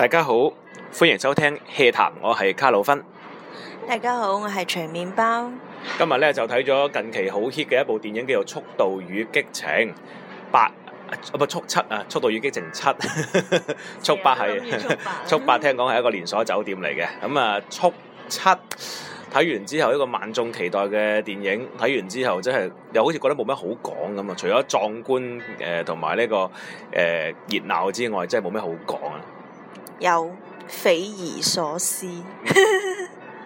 大家好，歡迎收聽《戲談》，我係卡魯芬。大家好，我係徐麵包。今日咧就睇咗近期好 hit 嘅一部電影，叫做《速度與激情八》啊啊，速七啊，《速度與激情七。》 速八係是， 速八聽講係一個連鎖酒店嚟嘅。咁、嗯、啊，速七睇完之後，一個萬眾期待嘅電影，睇完之後真係又好似覺得冇乜好講咁啊！除咗壯觀誒同埋呢個誒熱鬧之外，真係冇乜好講啊！又匪夷所思，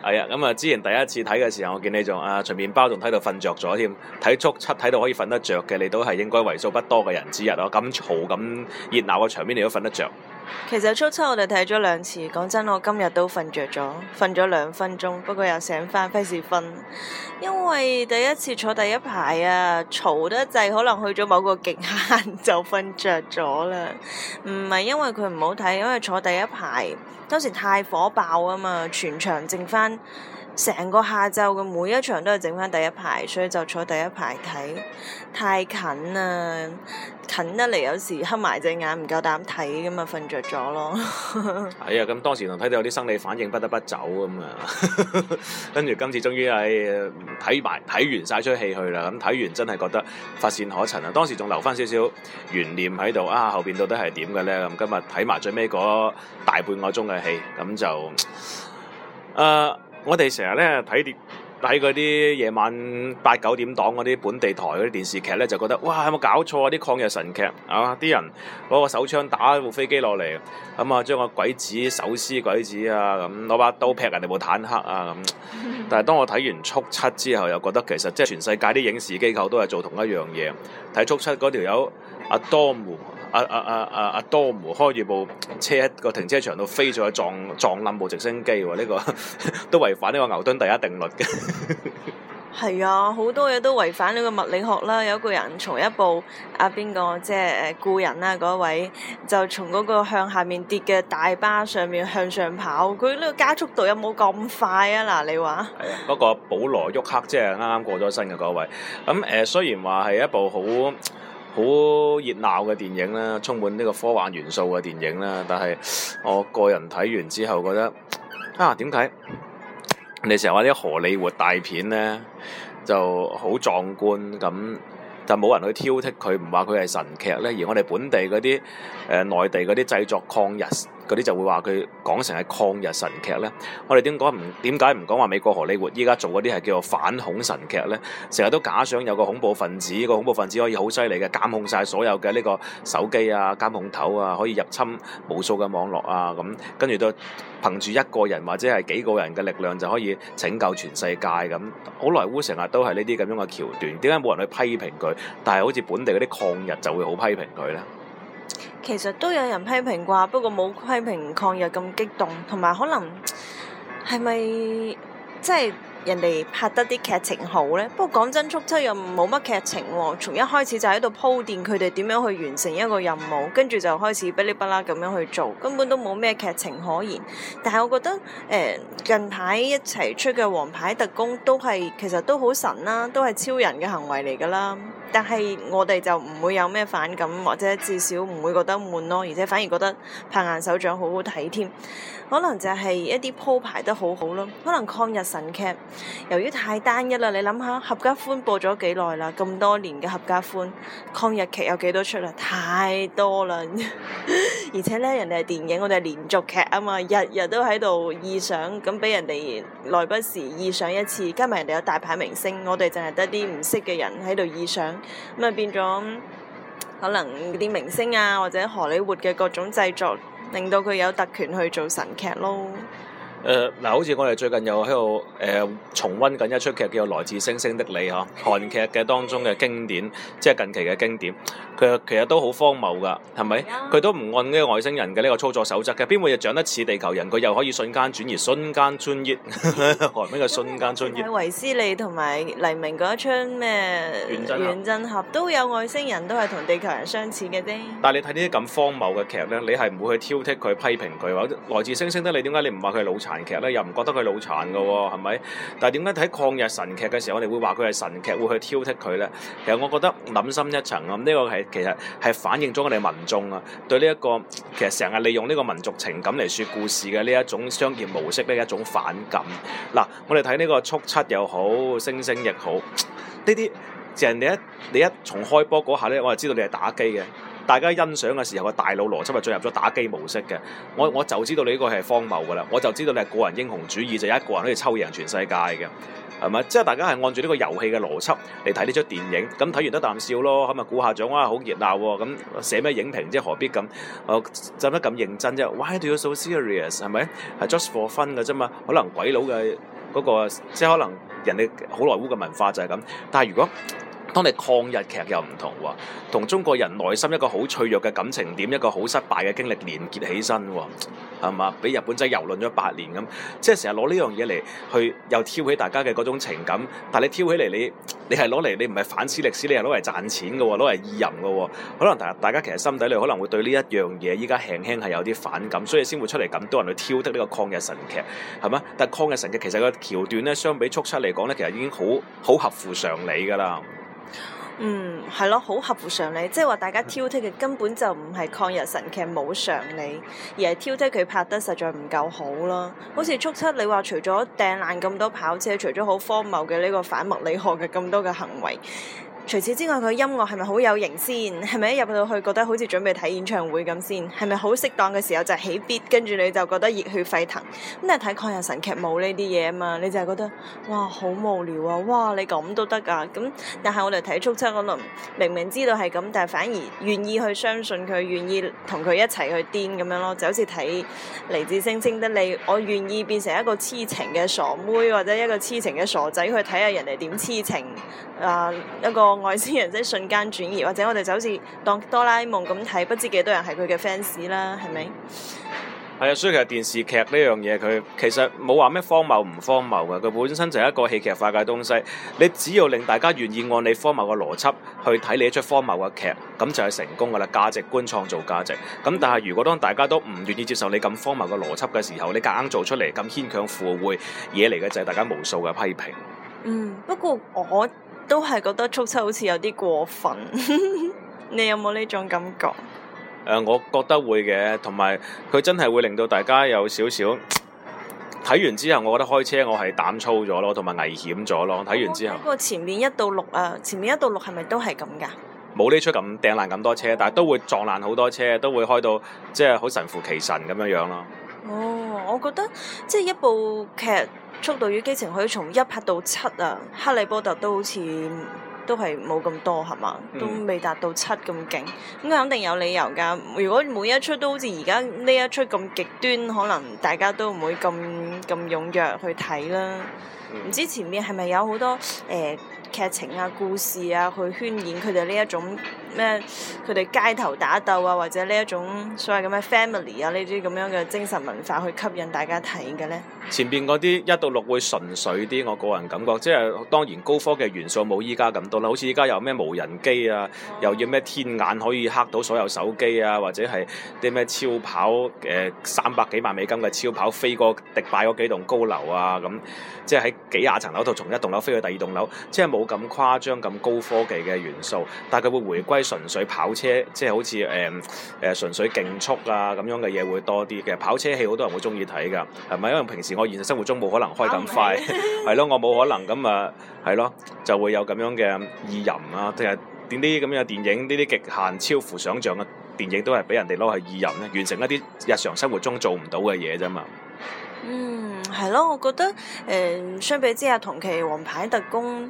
係啊！咁啊，之前第一次睇嘅時候，我見你仲啊，隨便包仲睇到瞓着咗添，睇速七睇到可以瞓得着嘅，你都係應該為數不多嘅人之一咯。咁嘈咁熱鬧嘅場面，你都瞓得着。其實《初七》我哋睇咗兩次，講真，我今日都瞓着咗，瞓咗兩分鐘，不過又醒返費事瞓。因為第一次坐第一排啊，嘈得滯，可能去咗某個極限就瞓着咗啦。唔係因為佢唔好睇，因為坐第一排當時太火爆啊嘛，全場剩翻。成個下晝嘅每一場都係整翻第一排，所以就坐第一排睇，太近啦，近得嚟有時黑埋隻眼唔夠膽睇，咁啊瞓着咗咯。係啊，咁、哎、當時能睇到有啲生理反應，不得不走咁啊。跟住今次終於係睇埋睇完晒出戲去啦。咁睇完真係覺得乏善可陳啊！當時仲留翻少少懸念喺度，啊後邊到底係點嘅咧？咁今日睇埋最尾嗰大半個鐘嘅戲，咁就誒。呃我哋成日咧睇電睇嗰啲夜晚八九點檔嗰啲本地台嗰啲電視劇咧，就覺得哇有冇搞錯啊！啲抗日神劇啊，啲人攞個手槍打部飛機落嚟，咁啊將個鬼子手撕鬼子啊，咁攞把刀劈人哋部坦克啊咁、啊。但係當我睇完《速七》之後，又覺得其實即係全世界啲影視機構都係做同一樣嘢。睇《速七》嗰條友阿多阿阿阿阿阿多姆開住部車，個停車場度飛咗去，撞撞冧部直升機喎！呢、啊這個 都違反呢個牛頓第一定律嘅。係啊，好多嘢都違反呢個物理學啦。有個人從一部阿邊、啊、個即係誒故人啊嗰位，就從嗰個向下面跌嘅大巴上面向上跑，佢呢個加速度有冇咁快啊？嗱，你話？係啊，嗰個保羅沃克即係啱啱過咗身嘅嗰位。咁、嗯、誒、呃，雖然話係一部好。好熱鬧嘅電影啦，充滿呢個科幻元素嘅電影啦，但係我個人睇完之後覺得啊，點解？你成日話啲荷里活大片咧就好壯觀咁，但冇人去挑剔佢，唔話佢係神劇咧，而我哋本地嗰啲誒內地嗰啲製作抗日。嗰啲就會話佢講成係抗日神劇呢，我哋點講唔點解唔講話美國荷里活依家做嗰啲係叫做反恐神劇呢？成日都假想有個恐怖分子，個恐怖分子可以好犀利嘅監控晒所有嘅呢個手機啊、監控頭啊，可以入侵無數嘅網絡啊咁，跟住都憑住一個人或者係幾個人嘅力量就可以拯救全世界咁。好萊塢成日都係呢啲咁樣嘅橋段，點解冇人去批評佢？但係好似本地嗰啲抗日就會好批評佢咧。其實都有人批評啩，不過冇批評抗日咁激動，同埋可能係咪即係？人哋拍得啲劇情好呢？不過講真，速七又冇乜劇情喎、啊。從一開始就喺度鋪墊，佢哋點樣去完成一個任務，跟住就開始噼里啪啦咁樣去做，根本都冇咩劇情可言。但係我覺得，誒、呃、近排一齊出嘅《王牌特工》都係其實都好神啦，都係超人嘅行為嚟㗎啦。但係我哋就唔會有咩反感，或者至少唔會覺得悶咯。而且反而覺得拍硬手掌好好睇添，可能就係一啲鋪排得好好咯。可能抗日神劇。由於太單一啦，你諗下《合家歡》播咗幾耐啦？咁多年嘅《合家歡》抗日劇有幾多出啦？太多啦！ 而且咧，人哋係電影，我哋係連續劇啊嘛，日日都喺度意想，咁俾人哋來不時意想一次。加埋人哋有大牌明星，我哋淨係得啲唔識嘅人喺度意想，咁啊變咗可能啲明星啊，或者荷里活嘅各種製作，令到佢有特權去做神劇咯。誒嗱、呃，好似我哋最近又喺度誒重温緊一出劇叫做《來自星星的你》嗬、啊，韓劇嘅當中嘅經典，即係近期嘅經典，佢其實都好荒謬㗎，係咪？佢、啊、都唔按呢個外星人嘅呢個操作守則嘅，邊會嘢長得似地球人，佢又可以瞬間轉移、瞬間穿越，係邊嘅瞬間穿越？衛斯理同埋黎明嗰一出咩《原振俠》振合都有外星人都係同地球人相似嘅啫。但係你睇呢啲咁荒謬嘅劇咧，你係唔會去挑剔佢、去批評佢嘅。來自星星的你，點解你唔話佢腦殘？神劇咧又唔覺得佢係腦殘嘅喎，係咪？但係點解睇抗日神劇嘅時候，我哋會話佢係神劇，會去挑剔佢咧？其實我覺得諗深一層啊，呢、這個係其實係反映咗我哋民眾啊對呢、這、一個其實成日利用呢個民族情感嚟説故事嘅呢一種商業模式呢一種反感。嗱，我哋睇呢個速七又好，星星亦好，呢啲淨係你一你一從開波嗰下咧，我就知道你係打機嘅。大家欣賞嘅時候，個大腦邏輯就進入咗打機模式嘅。我我就知道你呢個係荒謬嘅啦，我就知道你係個，個人英雄主義，就是、一個人可以抽贏全世界嘅，係咪？即係大家係按住呢個遊戲嘅邏輯嚟睇呢出電影，咁、嗯、睇完得啖笑咯，咁啊鼓下掌、哦嗯、啊，好熱鬧喎。咁寫咩影評即係何必咁？就唔得咁認真啫？Why do you so serious？係咪？係 just for fun 嘅啫嘛。可能鬼佬嘅嗰個即係可能人哋好萊塢嘅文化就係咁。但係如果，當你抗日劇又唔同，同中國人內心一個好脆弱嘅感情點，一個好失敗嘅經歷連結起身喎，係嘛？俾日本仔蹂躪咗八年咁，即係成日攞呢樣嘢嚟去又挑起大家嘅嗰種情感。但你挑起嚟，你你係攞嚟你唔係反思歷史，你係攞嚟賺錢嘅喎，攞嚟意淫嘅喎。可能大大家其實心底裡可能會對呢一樣嘢依家輕輕係有啲反感，所以先會出嚟咁多人去挑剔呢個抗日神劇，係嘛？但抗日神劇其實個橋段咧，相比速七嚟講咧，其實已經好好合乎常理㗎啦。嗯，係咯，好合乎常理，即係話大家挑剔嘅根本就唔係抗日神劇冇常理，而係挑剔佢拍得實在唔夠好咯。好似速七你，你話除咗掟爛咁多跑車，除咗好荒謬嘅呢個反物理學嘅咁多嘅行為。除此之外，佢音樂係咪好有型先？係咪一入到去覺得好似準備睇演唱會咁先？係咪好適當嘅時候就起 beat 跟住，你就覺得熱血沸騰，咁你睇抗日神劇冇呢啲嘢啊嘛？你就係覺得哇好無聊啊！哇你咁都得啊，咁但係我哋睇速七嗰輪，明明知道係咁，但係反而願意去相信佢，願意同佢一齊去癲咁樣咯。就好似睇嚟自星星的你，我願意變成一個癡情嘅傻妹，或者一個癡情嘅傻仔，去睇下人哋點癡情啊、呃、一個。外星人即係瞬間轉移，或者我哋就好似當哆啦 A 夢咁睇，不知幾多人係佢嘅 fans 啦，係咪？係啊，所以其實電視劇呢樣嘢，佢其實冇話咩荒謬唔荒謬嘅，佢本身就係一個戲劇化嘅東西。你只要令大家願意按你荒謬嘅邏輯去睇你一出荒謬嘅劇，咁就係成功噶啦。價值觀創造價值。咁但係如果當大家都唔願意接受你咁荒謬嘅邏輯嘅時候，你夾硬做出嚟咁牽強附會惹嚟嘅，就係大家無數嘅批評。嗯，不過我。都係覺得速七好似有啲過分， 你有冇呢種感覺？誒、呃，我覺得會嘅，同埋佢真係會令到大家有少少睇完之後，我覺得開車我係膽粗咗咯，同埋危險咗咯。睇完之後，嗰、哦這個前面一到六啊，前面一到六係咪都係咁㗎？冇呢出咁掟爛咁多車，哦、但係都會撞爛好多車，都會開到即係好神乎其神咁樣樣咯。哦，我覺得即係一部劇。速度與激情可以從一拍到七啊，《哈利波特》都好似都係冇咁多係嘛，都未達到七咁勁，咁佢肯定有理由㗎。如果每一出都好似而家呢一出咁極端，可能大家都唔會咁咁踴躍去睇啦。嗯、唔知前面係咪有好多誒？呃劇情啊、故事啊，去渲染佢哋呢一種咩？佢哋街頭打鬥啊，或者呢一種所謂咁嘅 family 啊，呢啲咁樣嘅精神文化去吸引大家睇嘅咧。前邊嗰啲一到六會純粹啲，我個人感覺，即係當然高科技元素冇依家咁多啦。好似依家有咩無人機啊，又要咩天眼可以黑到所有手機啊，或者係啲咩超跑誒三百幾萬美金嘅超跑飛過迪拜嗰幾棟高樓啊咁、嗯，即係喺幾廿層樓度從一棟樓飛去第二棟樓，即係冇咁誇張咁高科技嘅元素，但係佢會回歸純粹跑車，即係好似誒誒純粹競速啊咁樣嘅嘢會多啲。其實跑車戲好多人會中意睇㗎，係咪？因為平時我現實生活中冇可能開咁快，係咯， 我冇可能咁啊，係咯，就會有咁樣嘅意淫啊，定係點啲咁樣嘅電影，呢啲極限超乎想像嘅電影都係俾人哋攞去意淫咧，完成一啲日常生活中做唔到嘅嘢啫嘛。 嗯。係咯，我覺得誒、呃、相比之下同期《王牌特工》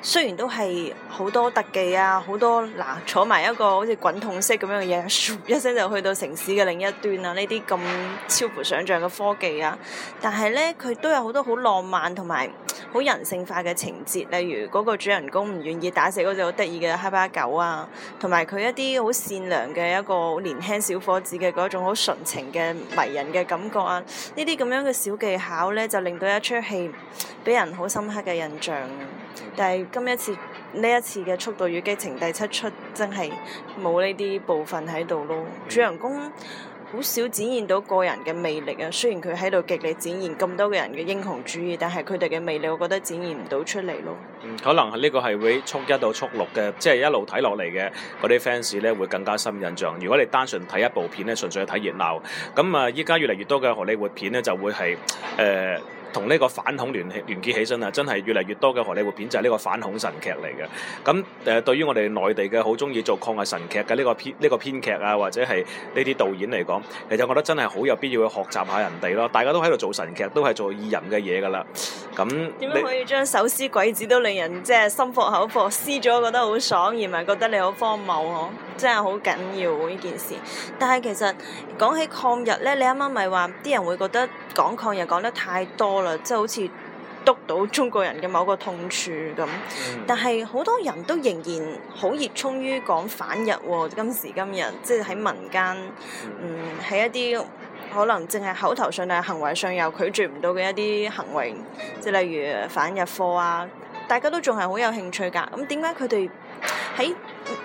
雖然都係好多特技啊，好多嗱、呃、坐埋一個好似滾筒式咁樣嘅嘢，咻一聲就去到城市嘅另一端啊，呢啲咁超乎想象嘅科技啊，但係咧佢都有好多好浪漫同埋好人性化嘅情節，例如個主人公唔願意打死隻好得意嘅哈巴狗啊，同埋佢一啲好善良嘅一個年輕小伙子嘅嗰一種好純情嘅迷人嘅感覺啊，呢啲咁樣嘅小技巧。就令到一出戲俾人好深刻嘅印象，但係今一次呢一次嘅《速度與激情》第七出真係冇呢啲部分喺度咯，Okay. 主人公。好少展現到個人嘅魅力啊！雖然佢喺度極力展現咁多個人嘅英雄主義，但係佢哋嘅魅力，我覺得展現唔到出嚟咯。嗯，可能係呢個係會速一到速六嘅，即係一路睇落嚟嘅嗰啲 fans 咧，會更加深印象。如果你單純睇一部片咧，純粹係睇熱鬧，咁啊，依家越嚟越多嘅荷里活片咧，就會係誒。呃同呢個反恐聯繫連結起身啦，真係越嚟越多嘅荷里活片就係、是、呢個反恐神劇嚟嘅。咁誒、呃，對於我哋內地嘅好中意做抗日神劇嘅呢個編呢個編劇啊，或者係呢啲導演嚟講，其實我覺得真係好有必要去學習下人哋咯。大家都喺度做神劇，都係做異人嘅嘢㗎啦。咁點樣可以將手撕鬼子都令人即係心服口服？撕咗覺得好爽，而唔係覺得你好荒謬呵？真係好緊要呢件事。但係其實講起抗日咧，你啱啱咪話啲人會覺得講抗日講得太多。即係好似督到中國人嘅某個痛處咁，但係好多人都仍然好熱衷於講反日喎。今時今日，即係喺民間，嗯，喺一啲可能淨係口頭上定係行為上又拒絕唔到嘅一啲行為，即係例如反日貨啊，大家都仲係好有興趣㗎。咁點解佢哋喺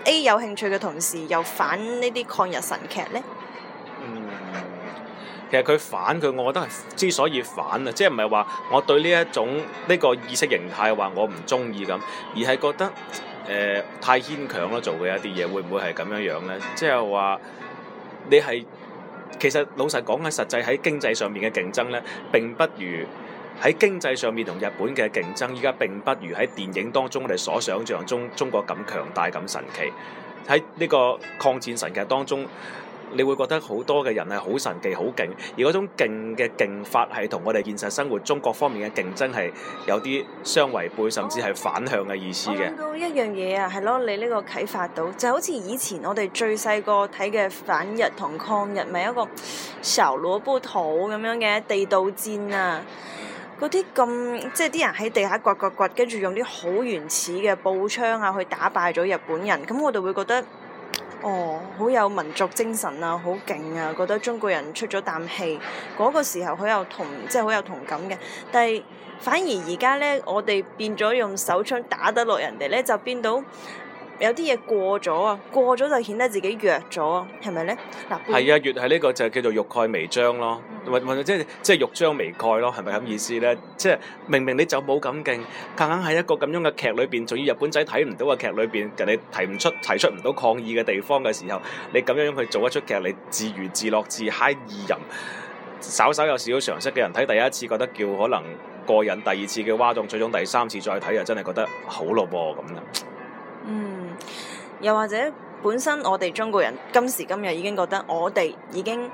A 有興趣嘅同時，又反呢啲抗日神劇呢？其實佢反佢，我覺得係之所以反啊，即係唔係話我對呢一種呢、呢個意識形態話我唔中意咁，而係覺得誒、呃、太牽強咯，做嘅一啲嘢會唔會係咁樣樣咧？即係話你係其實老實講喺實際喺經濟上面嘅競爭咧，並不如喺經濟上面同日本嘅競爭，依家並不如喺電影當中我哋所想象中中國咁強大咁神奇。喺呢個抗戰神劇當中。你會覺得好多嘅人係好神奇、好勁，而嗰種勁嘅勁法係同我哋現實生活中各方面嘅競爭係有啲相違背，甚至係反向嘅意思嘅。講到一樣嘢啊，係咯，你呢個啟發到就好似以前我哋最細個睇嘅反日同抗日，咪一個小蘿蔔頭咁樣嘅地道戰啊，嗰啲咁即係啲人喺地下掘掘掘，跟住用啲好原始嘅步槍啊去打敗咗日本人，咁我哋會覺得。哦，好有民族精神啊，好勁啊！覺得中國人出咗啖氣，嗰個時候好有同，即係好有同感嘅。但係反而而家咧，我哋變咗用手槍打得落人哋咧，就變到。有啲嘢過咗啊，過咗就顯得自己弱咗啊，係咪咧？嗱，係啊，越係呢、呢個就叫做欲蓋彌彰咯，或、嗯、或者即係即係欲彰未蓋咯，係咪咁意思咧？即係、嗯就是、明明你就冇咁勁，夾硬喺一個咁樣嘅劇裏邊，仲要日本仔睇唔到嘅劇裏邊，人哋提唔出提出唔到抗議嘅地方嘅時候，你咁樣去做一出劇，你自娛自樂自嗨意淫，稍稍有少少常識嘅人睇第一次覺得叫可能過癮，第二次嘅蛙壯，最終第三次再睇又真係覺得好咯噃，咁啊，樣嗯。又或者本身我哋中國人今時今日已經覺得我哋已經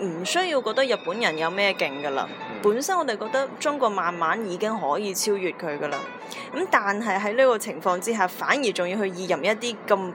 唔需要覺得日本人有咩勁噶啦，本身我哋覺得中國慢慢已經可以超越佢噶啦。咁但係喺呢個情況之下，反而仲要去意淫一啲咁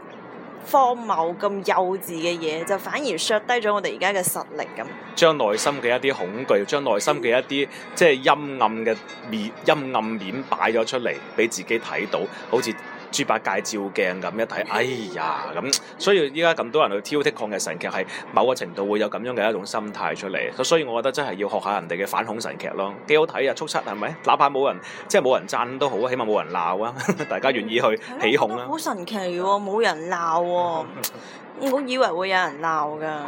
荒謬、咁幼稚嘅嘢，就反而削低咗我哋而家嘅實力咁。將內心嘅一啲恐懼，將內心嘅一啲即係陰暗嘅面、陰暗面擺咗出嚟，俾自己睇到，好似。豬八戒照鏡咁一睇，哎呀咁，所以依家咁多人去挑剔抗日神劇，係某個程度會有咁樣嘅一種心態出嚟，所以我覺得真係要學下人哋嘅反恐神劇咯，幾好睇啊！速七係咪？哪怕冇人即係冇人讚都好啊，起碼冇人鬧啊，大家願意去起哄、嗯、啊，好神奇喎、啊，冇人鬧喎、啊。 我以為會有人鬧噶。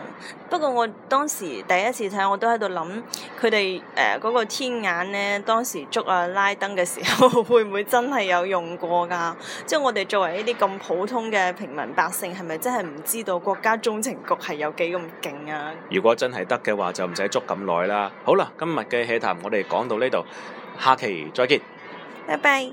不過我當時第一次睇，我都喺度諗，佢哋誒嗰個天眼呢，當時捉阿拉登嘅時候，會唔會真係有用過噶？即係我哋作為呢啲咁普通嘅平民百姓，係咪真係唔知道國家中情局係有幾咁勁啊？如果真係得嘅話，就唔使捉咁耐啦。好啦，今日嘅戲談我哋講到呢度，下期再見。拜拜。